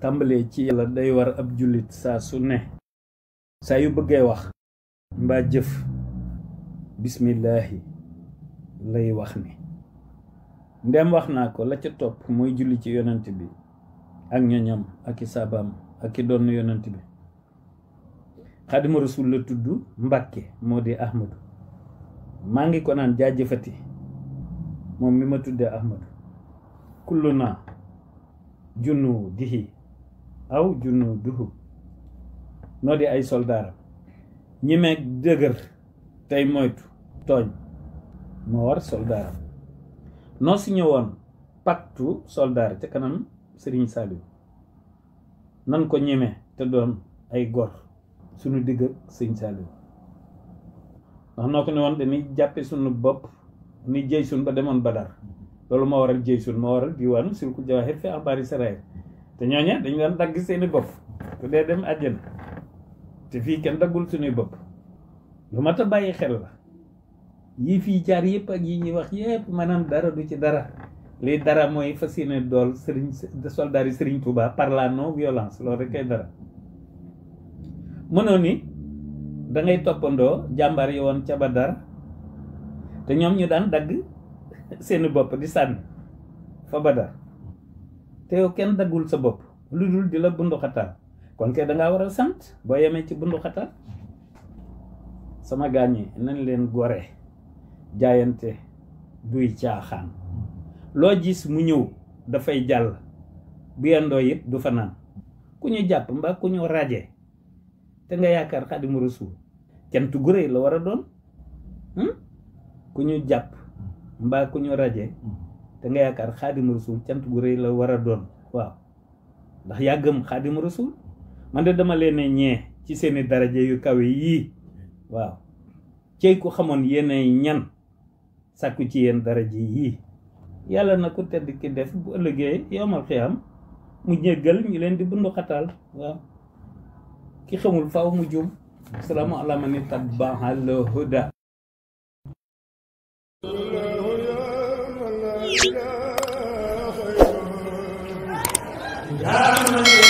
tàmbalee ci yalla day war ab julit sa su ne sa yu bëggee wax mba jëf bismillah lay wax ni ndem wax na ko la ci top moy julli ci yonent bi ak ñoñam ak isabam ak doon yonent bi khadim rasul la tuddu mbàkke modi ahmadu mangi ngi ko nan jaajëfati mom mi ma tudde ahmadu kullu junu dihi aw junuuduhu noo di ay soldaaram ñi meeg dëgër tey moytu tooñ moo war soldaaram noo si ñëwoon pactu soldaar ca kanam sëriñ Saliou nan ko ñemee te doon ay gor sunu digg ak sëriñ Saliou ndax noo ko ne woon dañuy jàppe sunu bopp ni jëy sun ba demoon Badar loolu moo waral jëy sun moo waral diwaanu silkul jawahir fi axbaari saraayir té ñooña dañu seni dagg seeni bopp ku dee dem àjjana te fii kenn daggul suñuy bopp lu mat a bàyyi xel la yi fii jaar yépp ak yi ñuy wax yépp maanaam dara du ci dara li dara mooy fasiyene yéene dool sëriñ soldat yi sëriñ Touba par la non violence loolu rek kay dara ni da ngay toppandoo yi woon ca dar te ñoom ñu daan dagg seeni bopp di sànni fa dar te yow kenn daggul sa bop lu di la bundu kata kon ke da nga wara sante sant bayam ci bundu kata sama gañi nan len gore jaayante duy caaxaan lo gis mu da fay jall bu yando yit du fa nan ku ñu japp mba ku ñu raje te nga yaakaar khadim rasul cant tu rëy la wara a hmm ku ñu japp mba ku ñu raje te nga yaakaar xaadimu rasul cant gu rëy la war a doon waaw ndax yaa gëm xaadimu rasul man de dama leen ñee ci i. daraje yu kawe yii waaw cey ku xamoon yéen ñan sakku ci yéen daraje yii yàlla na ko tedd ki def bu ëllëgee yowmal xiyam mu jéggal ñu leen di bundu xatal waaw ki xamul faaw mu jum salaamu ala man ittabaha al huda Obrigado, meu